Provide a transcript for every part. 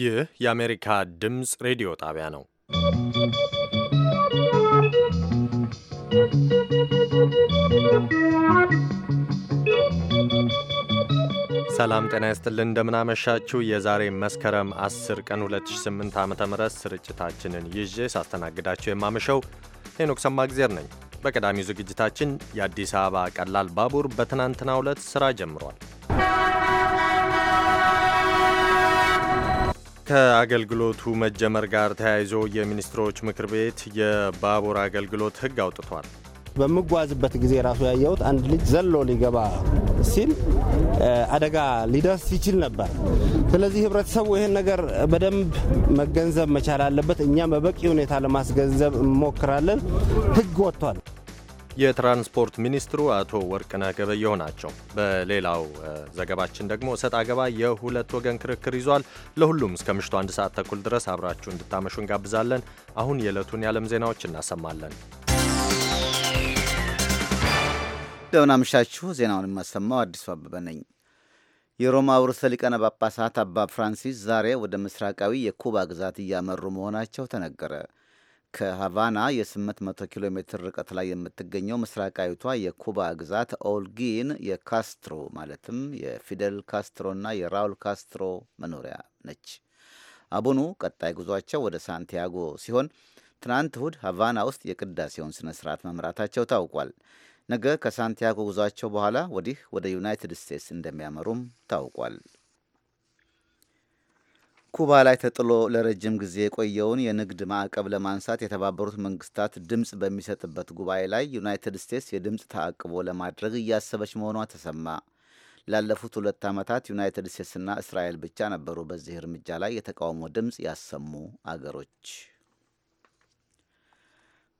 ይህ የአሜሪካ ድምፅ ሬዲዮ ጣቢያ ነው። ሰላም ጤና ይስጥልን፣ እንደምናመሻችሁ። የዛሬ መስከረም 10 ቀን 2008 ዓ ም ስርጭታችንን ይዤ ሳስተናግዳችሁ የማመሸው ሄኖክ ሰማግዜር ነኝ። በቀዳሚው ዝግጅታችን የአዲስ አበባ ቀላል ባቡር በትናንትናው ዕለት ሥራ ጀምሯል። ከአገልግሎቱ መጀመር ጋር ተያይዞ የሚኒስትሮች ምክር ቤት የባቡር አገልግሎት ሕግ አውጥቷል። በምጓዝበት ጊዜ ራሱ ያየሁት አንድ ልጅ ዘሎ ሊገባ ሲል አደጋ ሊደርስ ይችል ነበር። ስለዚህ ህብረተሰቡ ይህን ነገር በደንብ መገንዘብ መቻል አለበት። እኛም በበቂ ሁኔታ ለማስገንዘብ እንሞክራለን። ህግ ወጥቷል። የትራንስፖርት ሚኒስትሩ አቶ ወርቅነህ ገበየሁ ናቸው። በሌላው ዘገባችን ደግሞ እሰጥ አገባ የሁለት ወገን ክርክር ይዟል። ለሁሉም እስከ ምሽቱ አንድ ሰዓት ተኩል ድረስ አብራችሁ እንድታመሹ እንጋብዛለን። አሁን የዕለቱን የዓለም ዜናዎች እናሰማለን። እንደምን አመሻችሁ። ዜናውን የማሰማው አዲሱ አበበ ነኝ። የሮማ ውርሰ ሊቃነ ጳጳሳት አባ ፍራንሲስ ዛሬ ወደ ምስራቃዊ የኩባ ግዛት እያመሩ መሆናቸው ተነገረ። ከሃቫና የ800 ኪሎ ሜትር ርቀት ላይ የምትገኘው ምስራቃዊቷ የኩባ ግዛት ኦልጊን የካስትሮ ማለትም የፊደል ካስትሮና የራውል ካስትሮ መኖሪያ ነች። አቡኑ ቀጣይ ጉዟቸው ወደ ሳንቲያጎ ሲሆን ትናንት እሁድ ሃቫና ውስጥ የቅዳሴውን ስነ ስርዓት መምራታቸው ታውቋል። ነገ ከሳንቲያጎ ጉዟቸው በኋላ ወዲህ ወደ ዩናይትድ ስቴትስ እንደሚያመሩም ታውቋል። ኩባ ላይ ተጥሎ ለረጅም ጊዜ የቆየውን የንግድ ማዕቀብ ለማንሳት የተባበሩት መንግስታት ድምፅ በሚሰጥበት ጉባኤ ላይ ዩናይትድ ስቴትስ የድምፅ ተአቅቦ ለማድረግ እያሰበች መሆኗ ተሰማ። ላለፉት ሁለት ዓመታት ዩናይትድ ስቴትስና እስራኤል ብቻ ነበሩ በዚህ እርምጃ ላይ የተቃውሞ ድምፅ ያሰሙ አገሮች።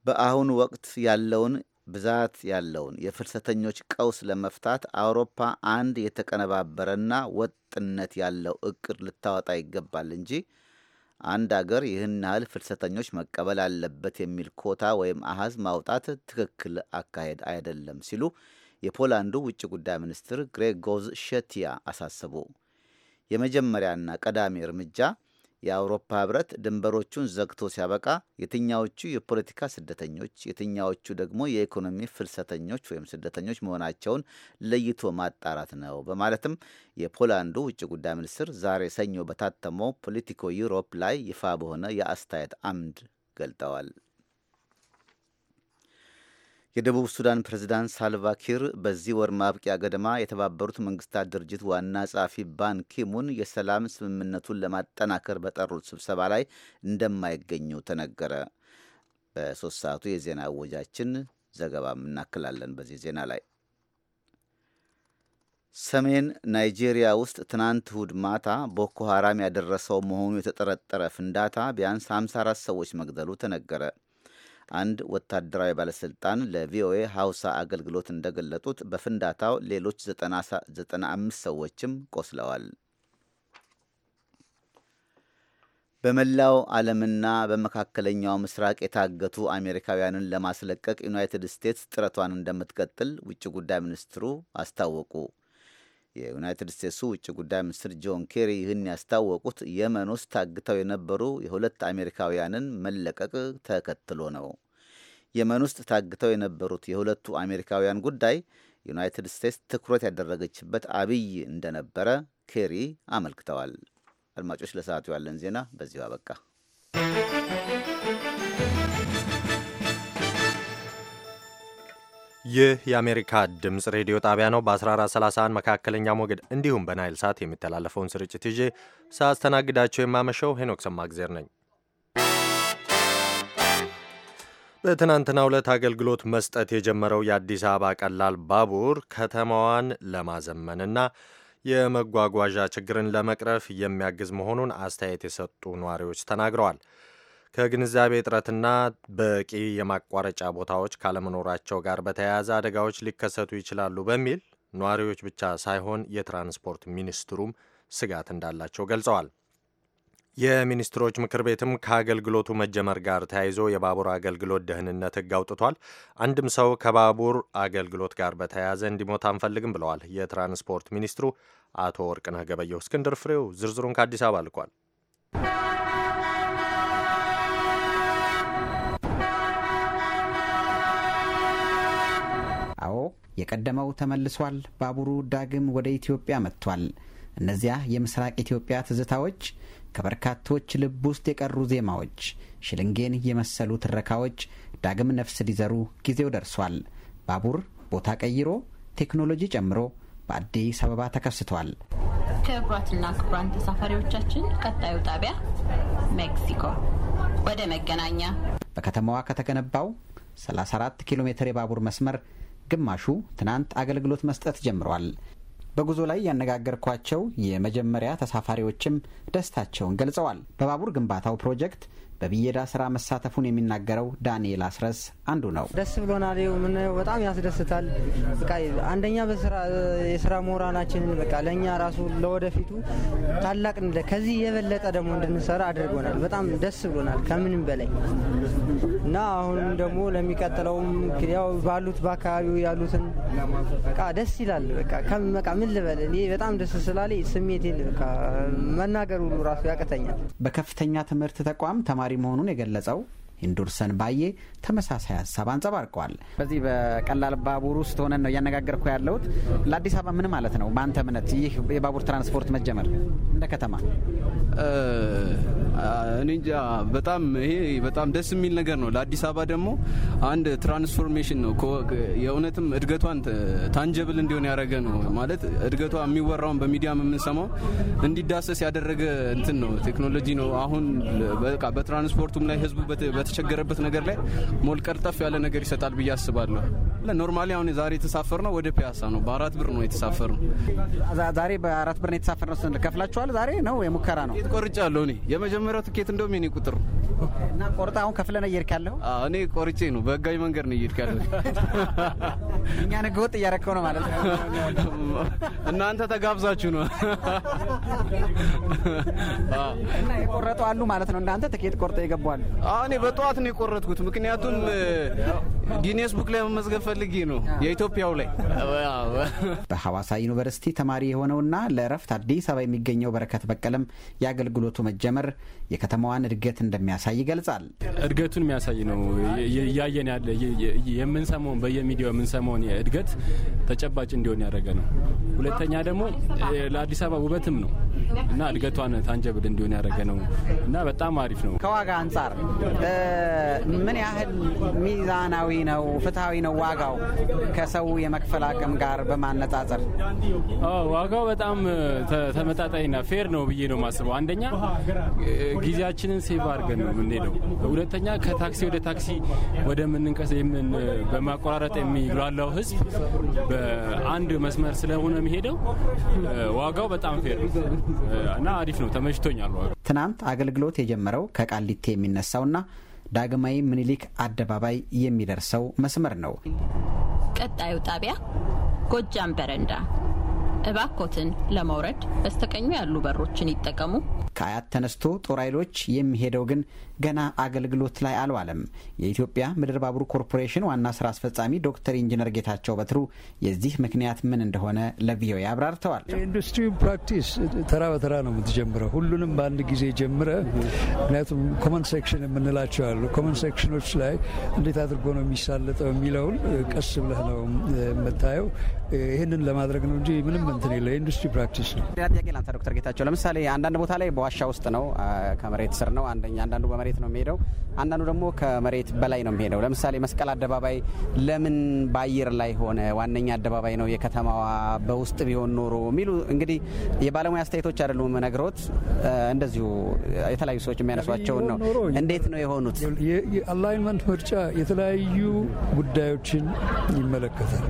በአሁኑ ወቅት ያለውን ብዛት ያለውን የፍልሰተኞች ቀውስ ለመፍታት አውሮፓ አንድ የተቀነባበረና ወጥነት ያለው እቅድ ልታወጣ ይገባል እንጂ አንድ አገር ይህን ያህል ፍልሰተኞች መቀበል አለበት የሚል ኮታ ወይም አሃዝ ማውጣት ትክክል አካሄድ አይደለም ሲሉ የፖላንዱ ውጭ ጉዳይ ሚኒስትር ግሬጎዝ ሸቲያ አሳሰቡ። የመጀመሪያና ቀዳሚ እርምጃ የአውሮፓ ህብረት ድንበሮቹን ዘግቶ ሲያበቃ የትኛዎቹ የፖለቲካ ስደተኞች የትኛዎቹ ደግሞ የኢኮኖሚ ፍልሰተኞች ወይም ስደተኞች መሆናቸውን ለይቶ ማጣራት ነው በማለትም የፖላንዱ ውጭ ጉዳይ ሚኒስትር ዛሬ ሰኞ በታተመው ፖለቲኮ ዩሮፕ ላይ ይፋ በሆነ የአስተያየት አምድ ገልጠዋል። የደቡብ ሱዳን ፕሬዝዳንት ሳልቫኪር በዚህ ወር ማብቂያ ገደማ የተባበሩት መንግስታት ድርጅት ዋና ጸሐፊ ባን ኪሙን የሰላም ስምምነቱን ለማጠናከር በጠሩት ስብሰባ ላይ እንደማይገኙ ተነገረ። በሶስት ሰዓቱ የዜና እወጃችን ዘገባም እናክላለን በዚህ ዜና ላይ ሰሜን ናይጄሪያ ውስጥ ትናንት እሁድ ማታ ቦኮ ሐራም ያደረሰው መሆኑ የተጠረጠረ ፍንዳታ ቢያንስ 54 ሰዎች መግደሉ ተነገረ። አንድ ወታደራዊ ባለስልጣን ለቪኦኤ ሀውሳ አገልግሎት እንደገለጡት በፍንዳታው ሌሎች 95 ሰዎችም ቆስለዋል። በመላው ዓለምና በመካከለኛው ምስራቅ የታገቱ አሜሪካውያንን ለማስለቀቅ ዩናይትድ ስቴትስ ጥረቷን እንደምትቀጥል ውጭ ጉዳይ ሚኒስትሩ አስታወቁ። የዩናይትድ ስቴትሱ ውጭ ጉዳይ ሚኒስትር ጆን ኬሪ ይህን ያስታወቁት የመን ውስጥ ታግተው የነበሩ የሁለት አሜሪካውያንን መለቀቅ ተከትሎ ነው። የመን ውስጥ ታግተው የነበሩት የሁለቱ አሜሪካውያን ጉዳይ ዩናይትድ ስቴትስ ትኩረት ያደረገችበት አብይ እንደነበረ ኬሪ አመልክተዋል። አድማጮች፣ ለሰዓቱ ያለን ዜና በዚሁ አበቃ። ይህ የአሜሪካ ድምፅ ሬዲዮ ጣቢያ ነው። በ1431 መካከለኛ ሞገድ እንዲሁም በናይል ሳት የሚተላለፈውን ስርጭት ይዤ ሳስተናግዳቸው የማመሸው ሄኖክ ሰማግዜር ነኝ። በትናንትናው ዕለት አገልግሎት መስጠት የጀመረው የአዲስ አበባ ቀላል ባቡር ከተማዋን ለማዘመንና የመጓጓዣ ችግርን ለመቅረፍ የሚያግዝ መሆኑን አስተያየት የሰጡ ነዋሪዎች ተናግረዋል። ከግንዛቤ እጥረትና በቂ የማቋረጫ ቦታዎች ካለመኖራቸው ጋር በተያያዘ አደጋዎች ሊከሰቱ ይችላሉ በሚል ነዋሪዎች ብቻ ሳይሆን የትራንስፖርት ሚኒስትሩም ስጋት እንዳላቸው ገልጸዋል። የሚኒስትሮች ምክር ቤትም ከአገልግሎቱ መጀመር ጋር ተያይዞ የባቡር አገልግሎት ደህንነት ሕግ አውጥቷል። አንድም ሰው ከባቡር አገልግሎት ጋር በተያያዘ እንዲሞት አንፈልግም ብለዋል የትራንስፖርት ሚኒስትሩ አቶ ወርቅነህ ገበየሁ። እስክንድር ፍሬው ዝርዝሩን ከአዲስ አበባ ልኳል። አዎ የቀደመው ተመልሷል። ባቡሩ ዳግም ወደ ኢትዮጵያ መጥቷል። እነዚያ የምስራቅ ኢትዮጵያ ትዝታዎች ከበርካቶች ልብ ውስጥ የቀሩ ዜማዎች፣ ሽልንጌን የመሰሉ ትረካዎች ዳግም ነፍስ ሊዘሩ ጊዜው ደርሷል። ባቡር ቦታ ቀይሮ ቴክኖሎጂ ጨምሮ በአዲስ አበባ ተከስቷል። ክቡራትና ክቡራን ተሳፋሪዎቻችን ቀጣዩ ጣቢያ ሜክሲኮ ወደ መገናኛ በከተማዋ ከተገነባው 34 ኪሎ ሜትር የባቡር መስመር ግማሹ ትናንት አገልግሎት መስጠት ጀምረዋል። በጉዞ ላይ ያነጋገርኳቸው የመጀመሪያ ተሳፋሪዎችም ደስታቸውን ገልጸዋል። በባቡር ግንባታው ፕሮጀክት በብየዳ ስራ መሳተፉን የሚናገረው ዳንኤል አስረስ አንዱ ነው። ደስ ብሎናል። ምን በጣም ያስደስታል። በቃ አንደኛ በስራ የስራ ሞራናችንን በቃ ለእኛ ራሱ ለወደፊቱ ታላቅ እንደ ከዚህ የበለጠ ደግሞ እንድንሰራ አድርጎናል። በጣም ደስ ብሎናል ከምንም በላይ እና አሁንም ደግሞ ለሚቀጥለውም ያው ባሉት በአካባቢው ያሉትን በቃ ደስ ይላል። በቃ ምን ልበል እኔ በጣም ደስ ስላለ ስሜቴን በቃ መናገር ሁሉ ራሱ ያቅተኛል። በከፍተኛ ትምህርት ተቋም ተማ ተጨማሪ መሆኑን የገለጸው ኢንዱርሰን ባዬ ተመሳሳይ ሀሳብ አንጸባርቀዋል። በዚህ በቀላል ባቡር ውስጥ ሆነን ነው እያነጋገርኩ ያለሁት። ለአዲስ አበባ ምን ማለት ነው በአንተ እምነት ይህ የባቡር ትራንስፖርት መጀመር እንደ ከተማ? እኔ እንጃ በጣም ይሄ በጣም ደስ የሚል ነገር ነው። ለአዲስ አበባ ደግሞ አንድ ትራንስፎርሜሽን ነው። የእውነትም እድገቷን ታንጀብል እንዲሆን ያደረገ ነው ማለት እድገቷ የሚወራውን በሚዲያም የምንሰማው እንዲዳሰስ ያደረገ እንትን ነው ቴክኖሎጂ ነው። አሁን በቃ በትራንስፖርቱም ላይ ህዝቡ በተቸገረበት ነገር ላይ ሞልቀልጠፍ ያለ ነገር ይሰጣል ብዬ አስባለሁ። ኖርማሊ አሁን ዛሬ የተሳፈር ነው ወደ ፒያሳ ነው። በአራት ብር ነው የተሳፈር ነው። ዛሬ በአራት ብር ነው የተሳፈር ነው። ከፍላችኋል? ዛሬ ነው የሙከራ ነው። ቆርጭ ቆርጫለሁ እኔ የመጀመሪያው ትኬት እንደውም የኔ ቁጥር እና ቆርጣ አሁን ከፍለ ነው እየሄድክ ያለሁ እኔ ቆርጬ ነው። በህጋዊ መንገድ ነው እየሄድክ ያለሁ። እኛን ወጥ እያረከው ነው ማለት ነው። እናንተ ተጋብዛችሁ ነው እና የቆረጡ አሉ ማለት ነው። እናንተ ትኬት ቆርጠ የገቡ አሉ። እኔ በጠዋት ነው የቆረጥኩት። ምክንያቱም ጊኔስ ቡክ ላይ መመዝገብ ፈልጌ ነው የኢትዮጵያው ላይ። በሐዋሳ ዩኒቨርሲቲ ተማሪ የሆነውና ለእረፍት አዲስ አበባ የሚገኘው በረከት በቀለም የአገልግሎቱ መጀመር የከተማዋን እድገት እንደሚያሳይ ይገልጻል። እድገቱን የሚያሳይ ነው እያየን ያለ የምንሰማውን በየሚዲያው የምንሰማውን እድገት ተጨባጭ እንዲሆን ያደረገ ነው። ሁለተኛ ደግሞ ለአዲስ አበባ ውበትም ነው እና እድገቷን ታንጀብል እንዲሆን ያደረገ ነው እና በጣም አሪፍ ነው ከዋጋ አንጻር ምን ያህል ሚዛናዊ ነው፣ ፍትሐዊ ነው ዋጋው ከሰው የመክፈል አቅም ጋር በማነጻጸር? ዋጋው በጣም ተመጣጣኝና ፌር ነው ብዬ ነው ማስበው። አንደኛ ጊዜያችንን ሴቭ አድርገን ነው የምንሄደው። ሁለተኛ ከታክሲ ወደ ታክሲ ወደ ምንንቀስ በማቆራረጥ የሚጉላላው ህዝብ በአንድ መስመር ስለሆነ የሚሄደው ዋጋው በጣም ፌር ነው እና አሪፍ ነው። ተመችቶኛል። ትናንት አገልግሎት የጀመረው ከቃሊቴ የሚነሳውና ዳግማዊ ምኒልክ አደባባይ የሚደርሰው መስመር ነው። ቀጣዩ ጣቢያ ጎጃም በረንዳ እባኮትን ለመውረድ በስተቀኙ ያሉ በሮችን ይጠቀሙ። ከአያት ተነስቶ ጦር ኃይሎች የሚሄደው ግን ገና አገልግሎት ላይ አልዋለም። የኢትዮጵያ ምድር ባቡር ኮርፖሬሽን ዋና ስራ አስፈጻሚ ዶክተር ኢንጂነር ጌታቸው በትሩ የዚህ ምክንያት ምን እንደሆነ ለቪኦኤ አብራርተዋል። የኢንዱስትሪው ፕራክቲስ ተራ በተራ ነው የምትጀምረው፣ ሁሉንም በአንድ ጊዜ ጀምረ። ምክንያቱም ኮመን ሴክሽን የምንላቸው አሉ። ኮመን ሴክሽኖች ላይ እንዴት አድርጎ ነው የሚሳለጠው የሚለውን ቀስ ብለህ ነው የምታየው። ይህንን ለማድረግ ነው እንጂ ምንም ለኢንቨስትመንት ኢንዱስትሪ ፕራክቲስ ነው። ሌላ ጥያቄ ላንሳ ዶክተር ጌታቸው ለምሳሌ አንዳንድ ቦታ ላይ በዋሻ ውስጥ ነው፣ ከመሬት ስር ነው። አንዳንዱ በመሬት ነው የሚሄደው፣ አንዳንዱ ደግሞ ከመሬት በላይ ነው የሚሄደው። ለምሳሌ መስቀል አደባባይ ለምን በአየር ላይ ሆነ? ዋነኛ አደባባይ ነው የከተማዋ በውስጥ ቢሆን ኖሮ የሚሉ እንግዲህ የባለሙያ አስተያየቶች አይደሉም ነግሮት፣ እንደዚሁ የተለያዩ ሰዎች የሚያነሷቸውን ነው። እንዴት ነው የሆኑት? የአላይንመንት ምርጫ የተለያዩ ጉዳዮችን ይመለከታል።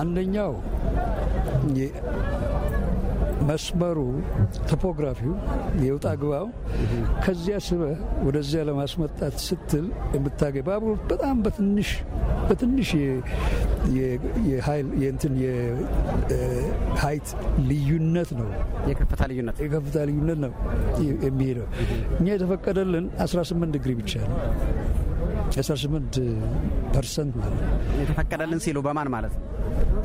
አንደኛው ሆኜ መስመሩ ቶፖግራፊው የውጣ ግባው ከዚያ ስበህ ወደዚያ ለማስመጣት ስትል የምታገኝ ባቡር በጣም በትንሽ በትንሽ የእንትን የሀይት ልዩነት ነው የከፍታ ልዩነት የከፍታ ልዩነት ነው የሚሄደው። እኛ የተፈቀደልን 18 ዲግሪ ብቻ ነው። 18 ፐርሰንት ማለት የተፈቀደልን ሲሉ በማን ማለት ነው?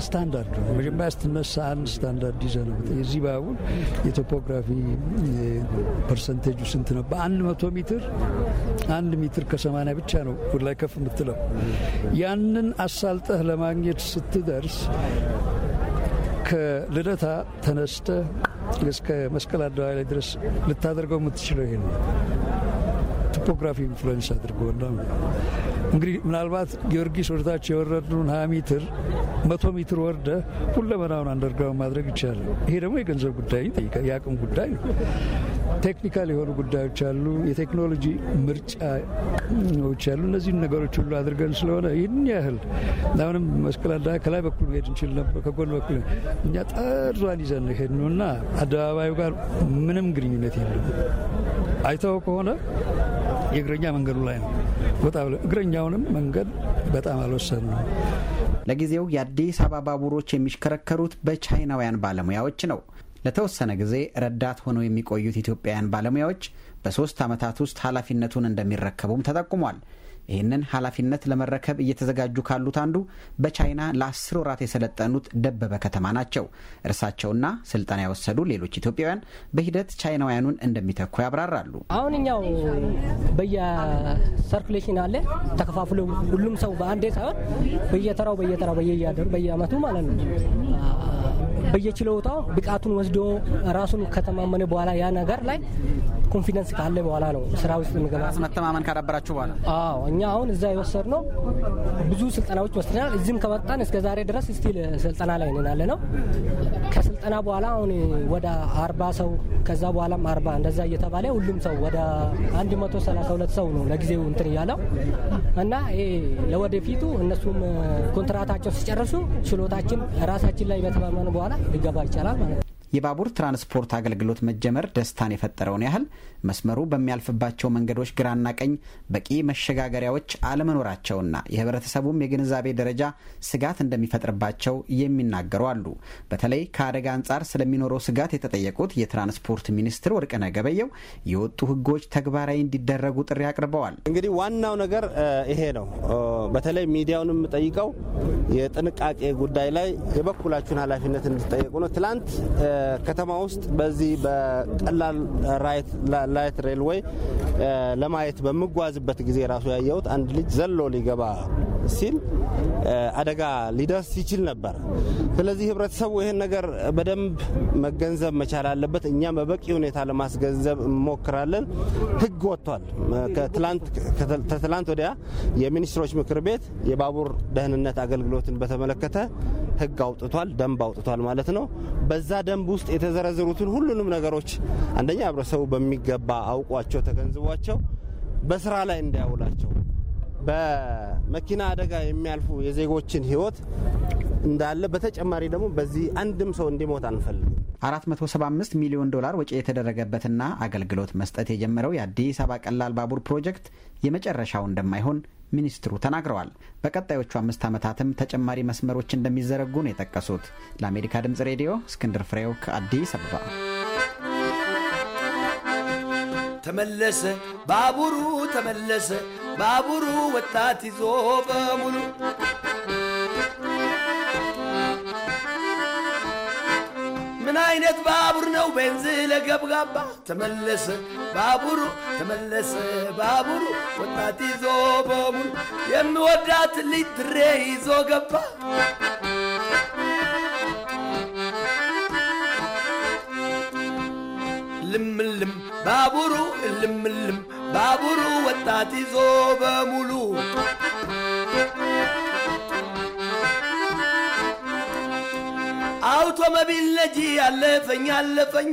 ስታንዳርዱ መጀመሪያ ስትነሳ አንድ ስታንዳርድ ይዘ ነው። የዚህ ባቡር የቶፖግራፊ ፐርሰንቴጁ ስንት ነው? በአንድ መቶ ሜትር አንድ ሜትር ከሰማንያ ብቻ ነው ወደ ላይ ከፍ የምትለው። ያንን አሳልጠህ ለማግኘት ስትደርስ ከልደታ ተነስተህ እስከ መስቀል አደባባይ ላይ ድረስ ልታደርገው የምትችለው ይሄ ነው። ቶፖግራፊ ኢንፍሉዌንስ አድርጎና እንግዲህ ምናልባት ጊዮርጊስ ወደታች የወረድኑን ሀያ ሜትር መቶ ሜትር ወርደ ሁለመናውን አንደርግራውን ማድረግ ይቻላል። ይሄ ደግሞ የገንዘብ ጉዳይ ይጠይቃል፣ የአቅም ጉዳይ ነው። ቴክኒካል የሆኑ ጉዳዮች አሉ፣ የቴክኖሎጂ ምርጫዎች አሉ። እነዚህን ነገሮች ሁሉ አድርገን ስለሆነ ይህን ያህል አሁንም መስቀል አደባባይ ከላይ በኩል መሄድ እንችል ነበር፣ ከጎን በኩል እኛ ጠርዟን ይዘን ሄድ ነው እና አደባባዩ ጋር ምንም ግንኙነት የለም። አይተው ከሆነ የእግረኛ መንገዱ ላይ ነው። ወጣ እግረኛውንም መንገድ በጣም አልወሰን ነው። ለጊዜው የአዲስ አበባ ባቡሮች የሚሽከረከሩት በቻይናውያን ባለሙያዎች ነው። ለተወሰነ ጊዜ ረዳት ሆነው የሚቆዩት ኢትዮጵያውያን ባለሙያዎች በሶስት ዓመታት ውስጥ ኃላፊነቱን እንደሚረከቡም ተጠቁሟል። ይህንን ኃላፊነት ለመረከብ እየተዘጋጁ ካሉት አንዱ በቻይና ለአስር ወራት የሰለጠኑት ደበበ ከተማ ናቸው። እርሳቸውና ስልጠና የወሰዱ ሌሎች ኢትዮጵያውያን በሂደት ቻይናውያኑን እንደሚተኩ ያብራራሉ። አሁን እኛው በየሰርኩሌሽን አለ ተከፋፍሎ ሁሉም ሰው በአንዴ ሳይሆን በየተራው በየተራው በየያደሩ በየአመቱ ማለት ነው በየችሎታው ብቃቱን ወስዶ ራሱን ከተማመነ በኋላ ያ ነገር ላይ ኮንፊደንስ ካለ በኋላ ነው ስራ ውስጥ ምገባ። መተማመን ካዳበራችሁ በኋላ አዎ፣ እኛ አሁን እዛ ነው ብዙ ስልጠናዎች ወስደናል። እዚህም ከመጣን እስከ ዛሬ ድረስ ስቲል ስልጠና ላይ ንናለ ነው። ከስልጠና በኋላ አሁን ወደ አርባ ሰው ከዛ በኋላም አርባ እንደዛ እየተባለ ሁሉም ሰው ወደ አንድ መቶ ሰላሳ ሁለት ሰው ነው ለጊዜው እንትን እያለው እና ለወደፊቱ እነሱም ኮንትራታቸው ሲጨርሱ ችሎታችን ራሳችን ላይ በተማመኑ በኋላ ሊገባ ይቻላል ማለት ነው። የባቡር ትራንስፖርት አገልግሎት መጀመር ደስታን የፈጠረውን ያህል መስመሩ በሚያልፍባቸው መንገዶች ግራና ቀኝ በቂ መሸጋገሪያዎች አለመኖራቸውና የህብረተሰቡም የግንዛቤ ደረጃ ስጋት እንደሚፈጥርባቸው የሚናገሩ አሉ። በተለይ ከአደጋ አንጻር ስለሚኖረው ስጋት የተጠየቁት የትራንስፖርት ሚኒስትር ወርቅነህ ገበየው የወጡ ህጎች ተግባራዊ እንዲደረጉ ጥሪ አቅርበዋል። እንግዲህ ዋናው ነገር ይሄ ነው። በተለይ ሚዲያውን የምጠይቀው የጥንቃቄ ጉዳይ ላይ የበኩላችሁን ኃላፊነት እንድትጠየቁ ነው። ትላንት ከተማ ውስጥ በዚህ በቀላል ላይት ሬልዌይ ለማየት በምጓዝበት ጊዜ ራሱ ያየሁት አንድ ልጅ ዘሎ ሊገባ ሲል አደጋ ሊደርስ ይችል ነበር። ስለዚህ ህብረተሰቡ ይህን ነገር በደንብ መገንዘብ መቻል አለበት። እኛም በበቂ ሁኔታ ለማስገንዘብ እንሞክራለን። ህግ ወጥቷል። ከትላንት ወዲያ የሚኒስትሮች ምክር ቤት የባቡር ደህንነት አገልግሎትን በተመለከተ ህግ አውጥቷል፣ ደንብ አውጥቷል ማለት ነው። በዛ ደንብ በደንብ ውስጥ የተዘረዘሩትን ሁሉንም ነገሮች አንደኛ ህብረተሰቡ በሚገባ አውቋቸው ተገንዝቧቸው በስራ ላይ እንዳያውላቸው በመኪና አደጋ የሚያልፉ የዜጎችን ህይወት እንዳለ በተጨማሪ ደግሞ በዚህ አንድም ሰው እንዲሞት አንፈልግም። 475 ሚሊዮን ዶላር ወጪ የተደረገበትና አገልግሎት መስጠት የጀመረው የአዲስ አበባ ቀላል ባቡር ፕሮጀክት የመጨረሻው እንደማይሆን ሚኒስትሩ ተናግረዋል። በቀጣዮቹ አምስት ዓመታትም ተጨማሪ መስመሮች እንደሚዘረጉ ነው የጠቀሱት። ለአሜሪካ ድምፅ ሬዲዮ እስክንድር ፍሬው ከአዲስ አበባ። ተመለሰ ባቡሩ ተመለሰ ባቡሩ ወጣት ይዞ በሙሉ ምን አይነት ባቡር ነው ቤንዝ ለገብጋባ ተመለሰ ባቡሩ ተመለሰ ባቡሩ ወጣት ይዞ በሙሉ የምወዳት ልጅ ድሬ ይዞ ገባ ልምልም ባቡሩ ልምልም ባቡሩ ወጣት ይዞ በሙሉ ቆመ ቢል ነጂ አለፈኝ አለፈኝ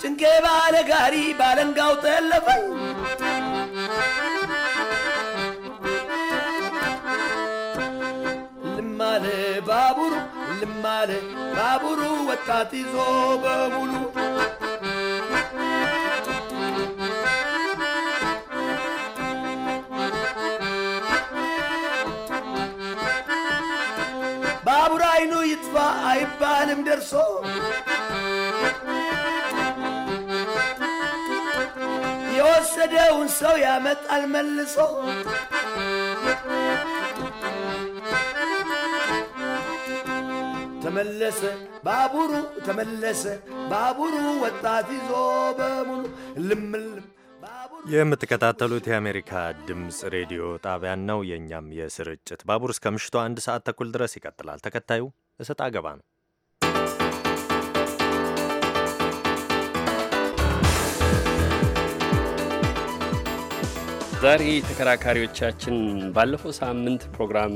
ጭንቄ ባለ ጋሪ ባለንጋው ተለፈኝ ልማለ ባቡሩ ልማለ ባቡሩ ወጣት ይዞ በሙሉ አይባልም ደርሶ የወሰደውን ሰው ያመጣል መልሶ ተመለሰ ባቡሩ ተመለሰ ባቡሩ ወጣት ይዞ በሙሉ ልምልም የምትከታተሉት የአሜሪካ ድምፅ ሬዲዮ ጣቢያን ነው። የእኛም የስርጭት ባቡር እስከ ምሽቱ አንድ ሰዓት ተኩል ድረስ ይቀጥላል። ተከታዩ እሰጥ አገባ ነው። ዛሬ ተከራካሪዎቻችን ባለፈው ሳምንት ፕሮግራም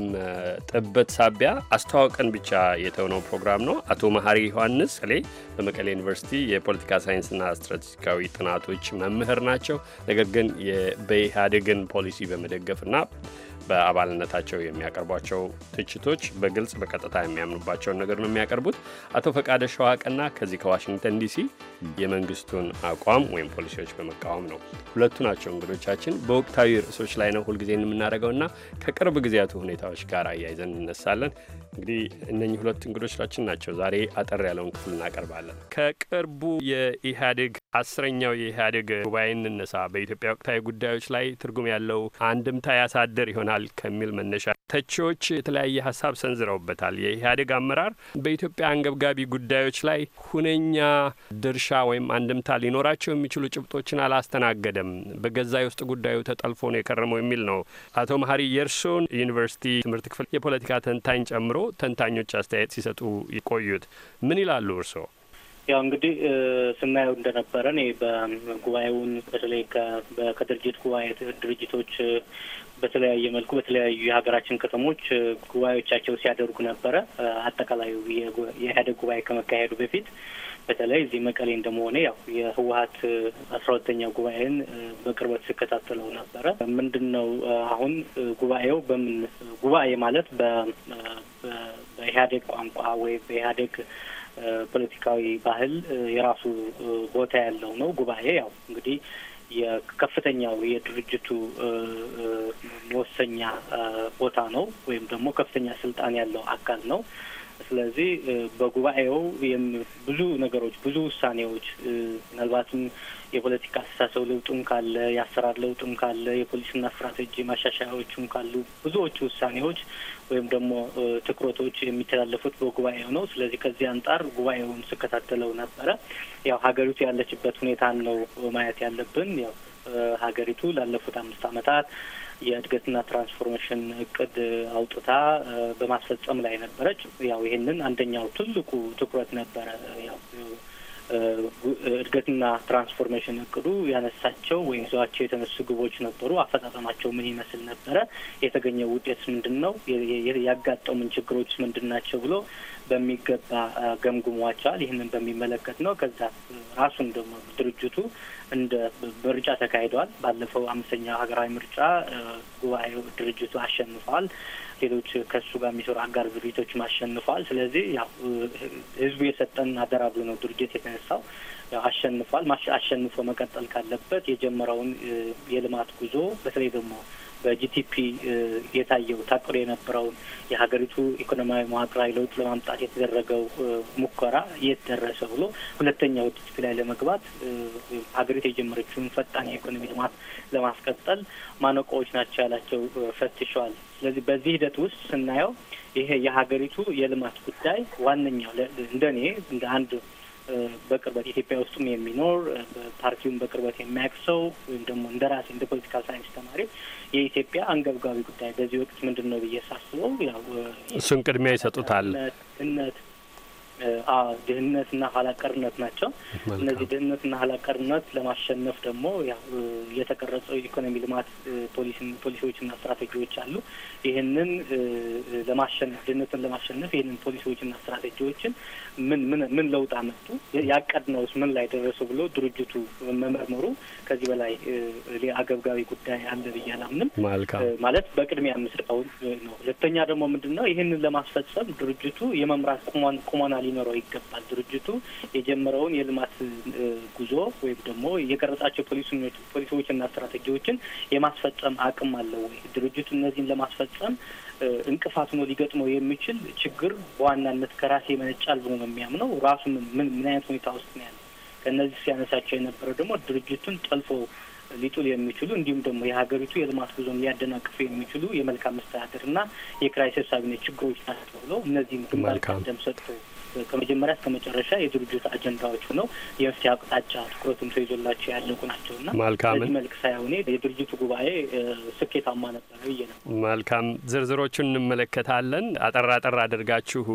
ጥበት ሳቢያ አስተዋውቀን ብቻ የተውነው ፕሮግራም ነው። አቶ መሀሪ ዮሐንስ ቀሌ በመቀሌ ዩኒቨርሲቲ የፖለቲካ ሳይንስና ስትራቴጂካዊ ጥናቶች መምህር ናቸው። ነገር ግን በኢህአዴግን ፖሊሲ በመደገፍና በአባልነታቸው የሚያቀርቧቸው ትችቶች በግልጽ በቀጥታ የሚያምኑባቸውን ነገር ነው የሚያቀርቡት። አቶ ፈቃደ ሸዋቅና ከዚህ ከዋሽንግተን ዲሲ የመንግስቱን አቋም ወይም ፖሊሲዎች በመቃወም ነው። ሁለቱ ናቸው እንግዶቻችን። በወቅታዊ ርዕሶች ላይ ነው ሁልጊዜ የምናደርገውና ከቅርብ ጊዜያቱ ሁኔታዎች ጋር አያይዘን እንነሳለን። እንግዲህ እነኚህ ሁለት እንግዶቻችን ናቸው። ዛሬ አጠር ያለውን ክፍል እናቀርባለን። ከቅርቡ የኢህአዴግ አስረኛው የኢህአዴግ ጉባኤ እንነሳ። በኢትዮጵያ ወቅታዊ ጉዳዮች ላይ ትርጉም ያለው አንድምታ ያሳድር ይሆናል ከሚል መነሻ ተቺዎች የተለያየ ሀሳብ ሰንዝረውበታል። የኢህአዴግ አመራር በኢትዮጵያ አንገብጋቢ ጉዳዮች ላይ ሁነኛ ድርሻ ወይም አንድምታ ሊኖራቸው የሚችሉ ጭብጦችን አላስተናገደም፣ በገዛ የውስጥ ጉዳዩ ተጠልፎ ነው የከረመው የሚል ነው። አቶ መሀሪ የእርስዎን ዩኒቨርሲቲ ትምህርት ክፍል የፖለቲካ ተንታኝ ጨምሮ ተንታኞች አስተያየት ሲሰጡ ይቆዩት ምን ይላሉ እርስዎ? ያው እንግዲህ ስናየው እንደነበረ እኔ በጉባኤውን በተለይ ከድርጅት ጉባኤ ድርጅቶች በተለያየ መልኩ በተለያዩ የሀገራችን ከተሞች ጉባኤዎቻቸው ሲያደርጉ ነበረ። አጠቃላዩ የኢህአዴግ ጉባኤ ከመካሄዱ በፊት በተለይ እዚህ መቀሌ እንደመሆነ ያው የህወሀት አስራ ሁለተኛ ጉባኤን በቅርበት ሲከታተለው ነበረ። ምንድን ነው አሁን ጉባኤው በምን ጉባኤ ማለት በኢህአዴግ ቋንቋ ወይ በኢህአዴግ ፖለቲካዊ ባህል የራሱ ቦታ ያለው ነው። ጉባኤ ያው እንግዲህ የከፍተኛው የድርጅቱ መወሰኛ ቦታ ነው ወይም ደግሞ ከፍተኛ ስልጣን ያለው አካል ነው። ስለዚህ በጉባኤው ብዙ ነገሮች ብዙ ውሳኔዎች ምናልባትም የፖለቲካ አስተሳሰብ ለውጡም ካለ የአሰራር ለውጥም ካለ የፖሊስና ስትራቴጂ ማሻሻያዎችም ካሉ ብዙዎቹ ውሳኔዎች ወይም ደግሞ ትኩረቶች የሚተላለፉት በጉባኤው ነው። ስለዚህ ከዚህ አንጻር ጉባኤውን ስከታተለው ነበረ። ያው ሀገሪቱ ያለችበት ሁኔታን ነው ማየት ያለብን። ያው ሀገሪቱ ላለፉት አምስት አመታት። የእድገትና ትራንስፎርሜሽን እቅድ አውጥታ በማስፈጸም ላይ ነበረች። ያው ይህንን አንደኛው ትልቁ ትኩረት ነበረ። ያው እድገትና ትራንስፎርሜሽን እቅዱ ያነሳቸው ወይም ይዘዋቸው የተነሱ ግቦች ነበሩ። አፈጻጸማቸው ምን ይመስል ነበረ? የተገኘው ውጤት ምንድን ነው? ያጋጠሙን ችግሮች ምንድን ናቸው? ብሎ በሚገባ ገምግሟቸዋል። ይህንን በሚመለከት ነው። ከዛ ራሱን ደግሞ ድርጅቱ እንደ ምርጫ ተካሂደዋል። ባለፈው አምስተኛው ሀገራዊ ምርጫ ጉባኤው ድርጅቱ አሸንፈዋል። ሌሎች ከሱ ጋር የሚሰሩ አጋር ድርጅቶችም አሸንፈዋል። ስለዚህ ያው ህዝቡ የሰጠን አደራ ብሎ ነው ድርጅት የተነሳው። ያው አሸንፏል። አሸንፎ መቀጠል ካለበት የጀመረውን የልማት ጉዞ በተለይ ደግሞ በጂቲፒ የታየው ታቅዶ የነበረውን የሀገሪቱ ኢኮኖሚያዊ መዋቅራዊ ለውጥ ለማምጣት የተደረገው ሙከራ የት ደረሰ ብሎ ሁለተኛው ጂቲፒ ላይ ለመግባት ሀገሪቱ የጀመረችውን ፈጣን የኢኮኖሚ ልማት ለማስቀጠል ማነቆዎች ናቸው ያላቸው ፈትሸዋል። ስለዚህ በዚህ ሂደት ውስጥ ስናየው ይሄ የሀገሪቱ የልማት ጉዳይ ዋነኛው እንደኔ እንደ አንድ በቅርበት ኢትዮጵያ ውስጥም የሚኖር ፓርቲውን በቅርበት የሚያውቅ ሰው ወይም ደግሞ እንደ ራሴ እንደ ፖለቲካል ሳይንስ ተማሪ የኢትዮጵያ አንገብጋቢ ጉዳይ በዚህ ወቅት ምንድን ነው ብዬ ሳስበው ያው እሱን ቅድሚያ ይሰጡታል። እነት ድህነትና ሀላቀርነት ናቸው። እነዚህ ድህነትና ኋላቀርነት ለማሸነፍ ደግሞ የተቀረጸው የኢኮኖሚ ልማት ፖሊሲዎችና ስትራቴጂዎች አሉ። ይህንን ለማሸነፍ ድህነትን ለማሸነፍ ይህንን ፖሊሲዎችና ስትራቴጂዎችን ምን ምን ምን ለውጥ አመጡ፣ ያቀድነውስ ምን ላይ ደረሱ ብሎ ድርጅቱ መመርመሩ ከዚህ በላይ አገብጋቢ ጉዳይ አለ ብዬ አላምንም። ማለት በቅድሚያ ምስርጠው ነው። ሁለተኛ ደግሞ ምንድን ነው ይህንን ለማስፈጸም ድርጅቱ የመምራት ቁመና ሊኖረው ይገባል። ድርጅቱ የጀመረውን የልማት ጉዞ ወይም ደግሞ የቀረጻቸው ፖሊሲዎችና ስትራቴጂዎችን የማስፈጸም አቅም አለው ወይ? ድርጅቱ እነዚህን ለማስፈጸም እንቅፋት ነው ሊገጥመው የሚችል ችግር በዋናነት ከራሴ መነጫል ብሎ ነው የሚያምነው። ራሱ ምን ምን አይነት ሁኔታ ውስጥ ነው ያለው? ከእነዚህ ሲያነሳቸው የነበረው ደግሞ ድርጅቱን ጠልፎ ሊጡል የሚችሉ እንዲሁም ደግሞ የሀገሪቱ የልማት ጉዞን ሊያደናቅፉ የሚችሉ የመልካም መስተዳደርና የኪራይ ሰብሳቢነት ችግሮች ናቸው ብለው እነዚህም ግንባር ቀደም ሰጥቶ ከመጀመሪያ እስከ መጨረሻ የድርጅት አጀንዳዎች ሆነው የመፍትሄ አቅጣጫ ትኩረቱን ተይዞላቸው ያለቁ ናቸው እና መልካም መልክ ሳይሆን የድርጅቱ ጉባኤ ስኬታማ ነበረ ብዬ ነው። መልካም ዝርዝሮቹን እንመለከታለን። አጠር አጠር አድርጋችሁ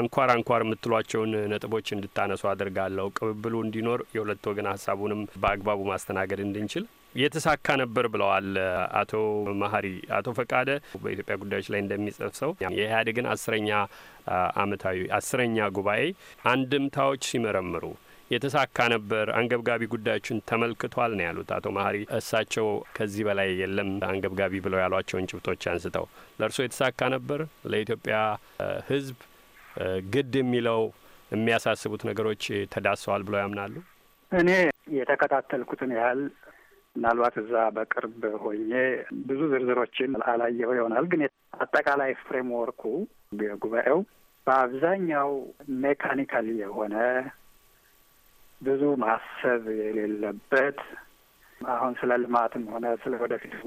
አንኳር አንኳር የምትሏቸውን ነጥቦች እንድታነሱ አድርጋለሁ። ቅብብሉ እንዲኖር የሁለት ወገን ሀሳቡንም በአግባቡ ማስተናገድ እንድንችል የተሳካ ነበር ብለዋል አቶ መሀሪ። አቶ ፈቃደ በኢትዮጵያ ጉዳዮች ላይ እንደሚጽፍ ሰው የኢህአዴግን አስረኛ አመታዊ አስረኛ ጉባኤ አንድምታዎች ሲመረምሩ የተሳካ ነበር፣ አንገብጋቢ ጉዳዮችን ተመልክቷል ነው ያሉት አቶ መሀሪ። እሳቸው ከዚህ በላይ የለም አንገብጋቢ ብለው ያሏቸውን ጭብጦች አንስተው ለእርስዎ የተሳካ ነበር፣ ለኢትዮጵያ ህዝብ ግድ የሚለው የሚያሳስቡት ነገሮች ተዳሰዋል ብለው ያምናሉ? እኔ የተከታተልኩትን ያህል ምናልባት እዛ በቅርብ ሆኜ ብዙ ዝርዝሮችን አላየሁ ይሆናል። ግን አጠቃላይ ፍሬምወርኩ የጉባኤው በአብዛኛው ሜካኒካል የሆነ ብዙ ማሰብ የሌለበት አሁን ስለ ልማትም ሆነ ስለ ወደፊቱ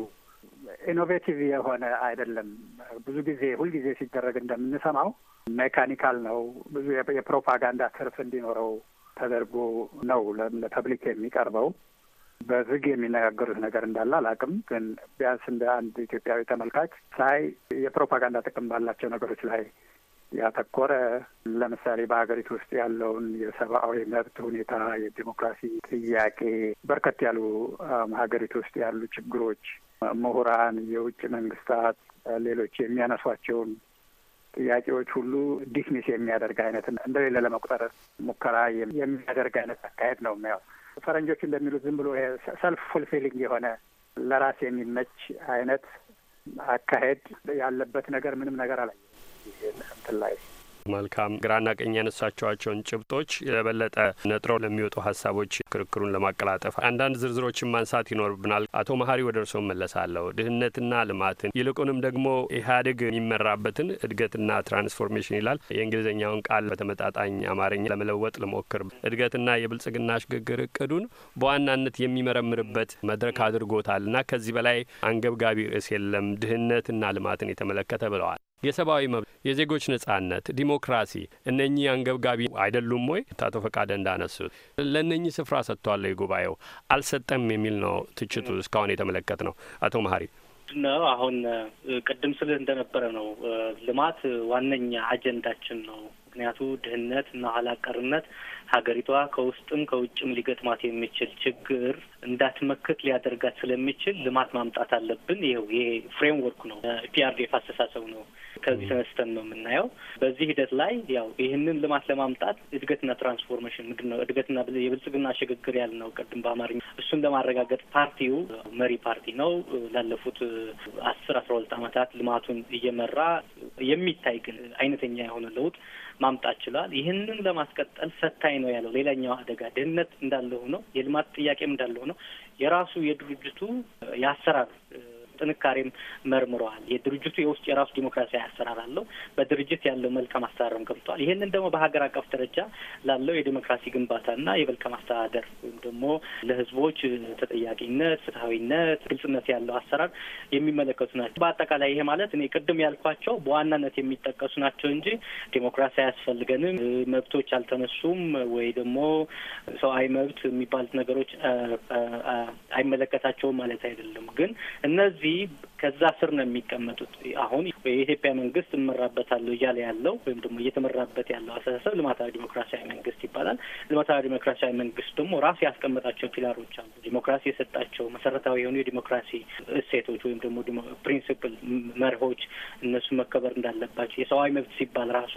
ኢኖቬቲቭ የሆነ አይደለም። ብዙ ጊዜ ሁልጊዜ ሲደረግ እንደምንሰማው ሜካኒካል ነው። ብዙ የፕሮፓጋንዳ ትርፍ እንዲኖረው ተደርጎ ነው ለፐብሊክ የሚቀርበው። በዝግ የሚነጋገሩት ነገር እንዳለ አላውቅም። ግን ቢያንስ እንደ አንድ ኢትዮጵያዊ ተመልካች ሳይ የፕሮፓጋንዳ ጥቅም ባላቸው ነገሮች ላይ ያተኮረ ለምሳሌ በሀገሪቱ ውስጥ ያለውን የሰብአዊ መብት ሁኔታ፣ የዲሞክራሲ ጥያቄ፣ በርከት ያሉ ሀገሪቱ ውስጥ ያሉ ችግሮች፣ ምሁራን፣ የውጭ መንግስታት፣ ሌሎች የሚያነሷቸውን ጥያቄዎች ሁሉ ዲስሚስ የሚያደርግ አይነት እንደሌለ ለመቁጠር ሙከራ የሚያደርግ አይነት አካሄድ ነው የሚያው ፈረንጆች እንደሚሉት ዝም ብሎ ሰልፍ ፉልፊሊንግ የሆነ ለራስ የሚመች አይነት አካሄድ ያለበት ነገር ምንም ነገር አላየሁም። እንትን ላይ መልካም ግራና ቀኝ ያነሳቸዋቸውን ጭብጦች የበለጠ ነጥረው ለሚወጡ ሀሳቦች ክርክሩን ለማቀላጠፍ አንዳንድ ዝርዝሮችን ማንሳት ይኖርብናል። አቶ መሀሪ ወደ እርስዎ መለሳለሁ። ድህነትና ልማትን ይልቁንም ደግሞ ኢህአዴግ የሚመራበትን እድገትና ትራንስፎርሜሽን ይላል። የእንግሊዝኛውን ቃል በተመጣጣኝ አማርኛ ለመለወጥ ልሞክር። እድገትና የብልጽግና ሽግግር እቅዱን በዋናነት የሚመረምርበት መድረክ አድርጎታል እና ከዚህ በላይ አንገብጋቢ ርዕስ የለም ድህነትና ልማትን የተመለከተ ብለዋል። የሰብአዊ መብት፣ የዜጎች ነጻነት፣ ዲሞክራሲ እነኚህ አንገብጋቢ አይደሉም ወይ? አቶ ፈቃደ እንዳነሱት ለእነኚህ ስፍራ ሰጥቷለሁ ጉባኤው አልሰጠም የሚል ነው ትችቱ እስካሁን የተመለከት ነው። አቶ መሀሪ ነው አሁን ቅድም ስልህ እንደነበረ ነው ልማት ዋነኛ አጀንዳችን ነው። ምክንያቱ ድህነት እና ኋላ ሀገሪቷ ከውስጥም ከውጭም ሊገጥማት የሚችል ችግር እንዳትመክት ሊያደርጋት ስለሚችል ልማት ማምጣት አለብን። ይኸው ይሄ ፍሬምወርክ ነው፣ ፒአርዴፍ አስተሳሰብ ነው። ከዚህ ተነስተን ነው የምናየው። በዚህ ሂደት ላይ ያው ይህንን ልማት ለማምጣት እድገትና ትራንስፎርሜሽን ምንድን ነው እድገትና የብልጽግና ሽግግር ያልነው ቅድም በአማርኛ እሱን ለማረጋገጥ ፓርቲው መሪ ፓርቲ ነው። ላለፉት አስር አስራ ሁለት ዓመታት ልማቱን እየመራ የሚታይ ግን አይነተኛ የሆነ ለውጥ ማምጣት ችሏል። ይህንን ለማስቀጠል ፈታኝ ነው ያለው ሌላኛው አደጋ ድህነት እንዳለ ሆኖ የልማት ጥያቄም እንዳለ ሆኖ የራሱ የድርጅቱ የአሰራር ጥንካሬም መርምረዋል። የድርጅቱ የውስጥ የራሱ ዲሞክራሲያዊ አሰራር አለው። በድርጅት ያለው መልካም አሰራርም ገብቷል። ይህንን ደግሞ በሀገር አቀፍ ደረጃ ላለው የዲሞክራሲ ግንባታና የመልካም አስተዳደር ወይም ደግሞ ለህዝቦች ተጠያቂነት፣ ፍትሀዊነት፣ ግልጽነት ያለው አሰራር የሚመለከቱ ናቸው። በአጠቃላይ ይሄ ማለት እኔ ቅድም ያልኳቸው በዋናነት የሚጠቀሱ ናቸው እንጂ ዲሞክራሲ አያስፈልገንም፣ መብቶች አልተነሱም፣ ወይ ደግሞ ሰብአዊ መብት የሚባሉት ነገሮች አይመለከታቸውም ማለት አይደለም። ግን እነዚህ ከዛ ስር ነው የሚቀመጡት። አሁን የኢትዮጵያ መንግስት እመራበታለሁ እያለ ያለው ወይም ደግሞ እየተመራበት ያለው አስተሳሰብ ልማታዊ ዲሞክራሲያዊ መንግስት ይባላል። ልማታዊ ዲሞክራሲያዊ መንግስት ደግሞ ራሱ ያስቀመጣቸው ፒላሮች አሉ። ዲሞክራሲ የሰጣቸው መሰረታዊ የሆኑ የዲሞክራሲ እሴቶች ወይም ደግሞ ፕሪንስፕል መርሆች፣ እነሱ መከበር እንዳለባቸው የሰብአዊ መብት ሲባል ራሱ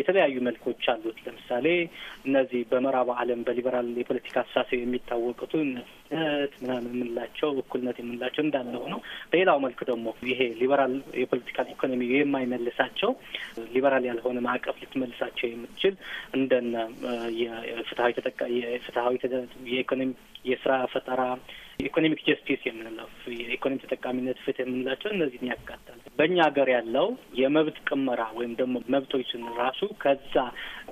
የተለያዩ መልኮች አሉት። ለምሳሌ እነዚህ በምዕራብ ዓለም በሊበራል የፖለቲካ አስተሳሰብ የሚታወቁትን መስጠት ምናምን የምንላቸው እኩልነት የምንላቸው እንዳለ ሆነው በሌላው መልክ ደግሞ ይሄ ሊበራል የፖለቲካል ኢኮኖሚ የማይመልሳቸው ሊበራል ያልሆነ ማዕቀፍ ልትመልሳቸው የምትችል እንደነ የፍትሀዊ ተጠቃ የፍትሀዊ የኢኮኖሚ የስራ ፈጠራ ኢኮኖሚክ ጀስቲስ የምንለው የኢኮኖሚ ተጠቃሚነት ፍትህ የምንላቸው እነዚህን ያካታል። በእኛ ሀገር ያለው የመብት ቅመራ ወይም ደግሞ መብቶችን ራሱ ከዛ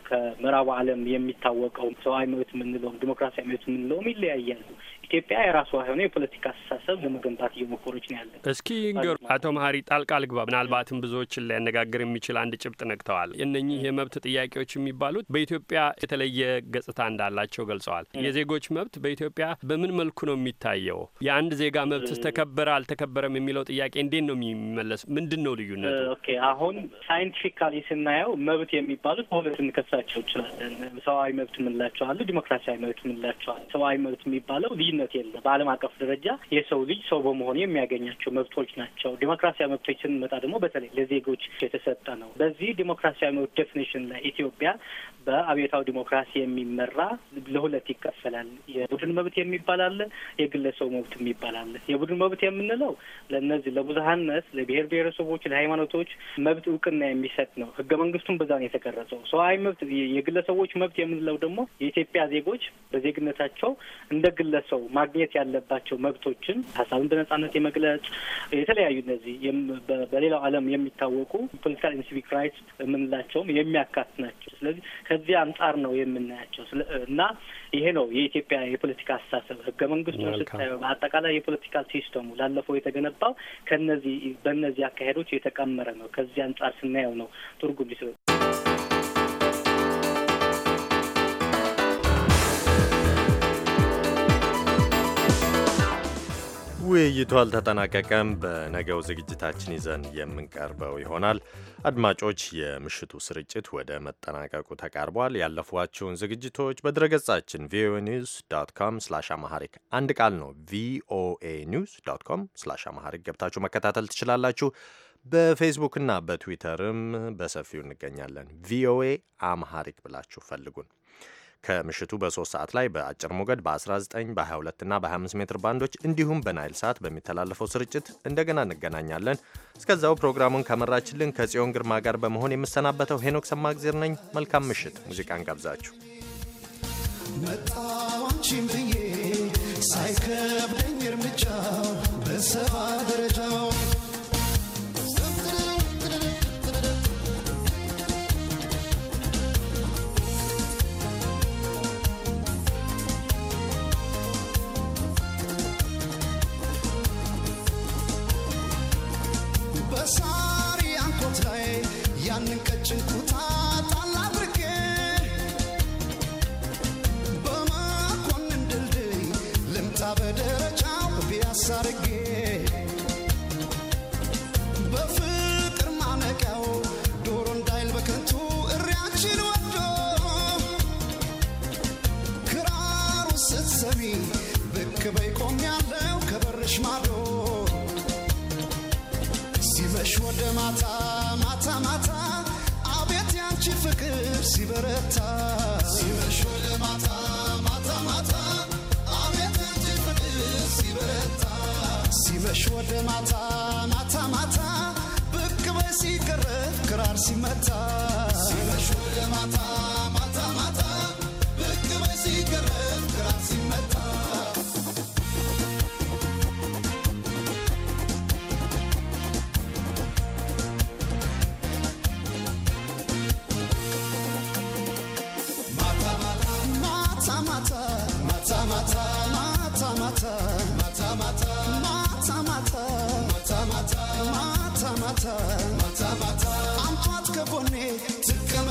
ከምዕራቡ ዓለም የሚታወቀው ሰብአዊ መብት የምንለውም ዲሞክራሲያዊ መብት የምንለውም ይለያያሉ። ኢትዮጵያ የራሷ የሆነ የፖለቲካ አስተሳሰብ ለመገንባት እየሞከረች ነው ያለ። እስኪ ንገሩ አቶ መሀሪ ጣልቃ ልግባ። ምናልባትም ብዙዎችን ሊያነጋግር የሚችል አንድ ጭብጥ ነቅተዋል። እነኚህ የመብት ጥያቄዎች የሚባሉት በኢትዮጵያ የተለየ ገጽታ እንዳላቸው ገልጸዋል። የዜጎች መብት በኢትዮጵያ በምን መልኩ ነው የሚታየው? የአንድ ዜጋ መብት ተከበረ አልተከበረም የሚለው ጥያቄ እንዴት ነው የሚመለስ? ምንድን ነው ልዩነቱ? ኦኬ አሁን ሳይንቲፊካሊ ስናየው መብት የሚባሉት በሁለት እንከሳቸው ይችላለን። ሰብአዊ መብት ምንላቸዋል፣ ዲሞክራሲያዊ መብት ምንላቸዋል። ሰብአዊ መብት የሚባለው ልዩነት የለም። በዓለም አቀፍ ደረጃ የሰው ልጅ ሰው በመሆኑ የሚያገኛቸው መብቶች ናቸው። ዲሞክራሲያዊ መብቶች ስንመጣ ደግሞ በተለይ ለዜጎች የተሰጠ ነው። በዚህ ዲሞክራሲያዊ መብት ዴፊኒሽን ላይ ኢትዮጵያ በአብዮታዊ ዲሞክራሲ የሚመራ ለሁለት ይከፈላል። የቡድን መብት የሚባል አለ፣ የግለሰቡ መብት የሚባል አለ። የቡድን መብት የምንለው ለእነዚህ ለብዙሀነት ለብሄር ብሄር ብሔረሰቦችን፣ ሃይማኖቶች መብት እውቅና የሚሰጥ ነው። ህገ መንግስቱም በዛ ነው የተቀረጸው። ሰብአዊ መብት የግለሰቦች መብት የምንለው ደግሞ የኢትዮጵያ ዜጎች በዜግነታቸው እንደ ግለሰው ማግኘት ያለባቸው መብቶችን ሀሳብን በነጻነት የመግለጽ የተለያዩ እነዚህ በሌላው ዓለም የሚታወቁ ፖለቲካል ኤንድ ሲቪክ ራይትስ የምንላቸውም የሚያካት ናቸው። ስለዚህ ከዚህ አንጻር ነው የምናያቸው እና ይሄ ነው የኢትዮጵያ የፖለቲካ አስተሳሰብ ህገ መንግስቱን ስታየው በአጠቃላይ የፖለቲካል ሲስተሙ ላለፈው የተገነባው ከነዚህ በእነዚህ አካሄዶች የተቀመረ ነው። ከዚህ አንጻር ስናየው ነው ትርጉም ሊሰ ውይይቱ አልተጠናቀቀም። በነገው ዝግጅታችን ይዘን የምንቀርበው ይሆናል። አድማጮች፣ የምሽቱ ስርጭት ወደ መጠናቀቁ ተቃርቧል። ያለፏቸውን ዝግጅቶች በድረገጻችን ቪኦኤ ኒውስ ዶት ኮም ስላሽ አማሐሪክ አንድ ቃል ነው፣ ቪኦኤ ኒውስ ዶት ኮም ስላሽ አማሐሪክ ገብታችሁ መከታተል ትችላላችሁ። በፌስቡክና በትዊተርም በሰፊው እንገኛለን። ቪኦኤ አማሐሪክ ብላችሁ ፈልጉን። ከምሽቱ በሶስት ሰዓት ላይ በአጭር ሞገድ በ19 በ22 እና በ25 ሜትር ባንዶች እንዲሁም በናይል ሰዓት በሚተላለፈው ስርጭት እንደገና እንገናኛለን። እስከዛው ፕሮግራሙን ከመራችልን ከጽዮን ግርማ ጋር በመሆን የምሰናበተው ሄኖክ ሰማግዜር ነኝ። መልካም ምሽት። ሙዚቃን ጋብዛችሁ መጣዋንቺን ብዬ ሳይከብደኝ እርምጃው በሰባ ደረጃው ከመሸሽ ወደ ማታ ማታ ማታ ብቅ በይ ሲቀረ ክራር ሲመታ ሲመሽ ወደ ማታ ማታ ማታ ብቅ በይ ሲቀረ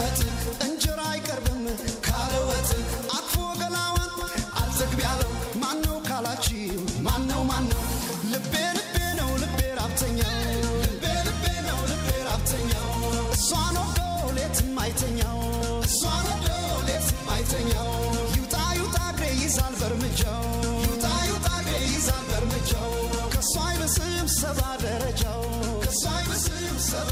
ወጥ እንጀራ አይቀርብም ካለ ወጥ አቅፎ ገላዋን አልዘግብ ያለው ማነው ማነው ማነው ልቤ ልቤ ነው ልቤ ራብተኛው ልቤ ልቤ ነው ልቤ ራብተኛው ይዛል በርምጃው ይዛል በርምጃው ከእሷ ሰባ ደረጃው ከእሷ ሰባ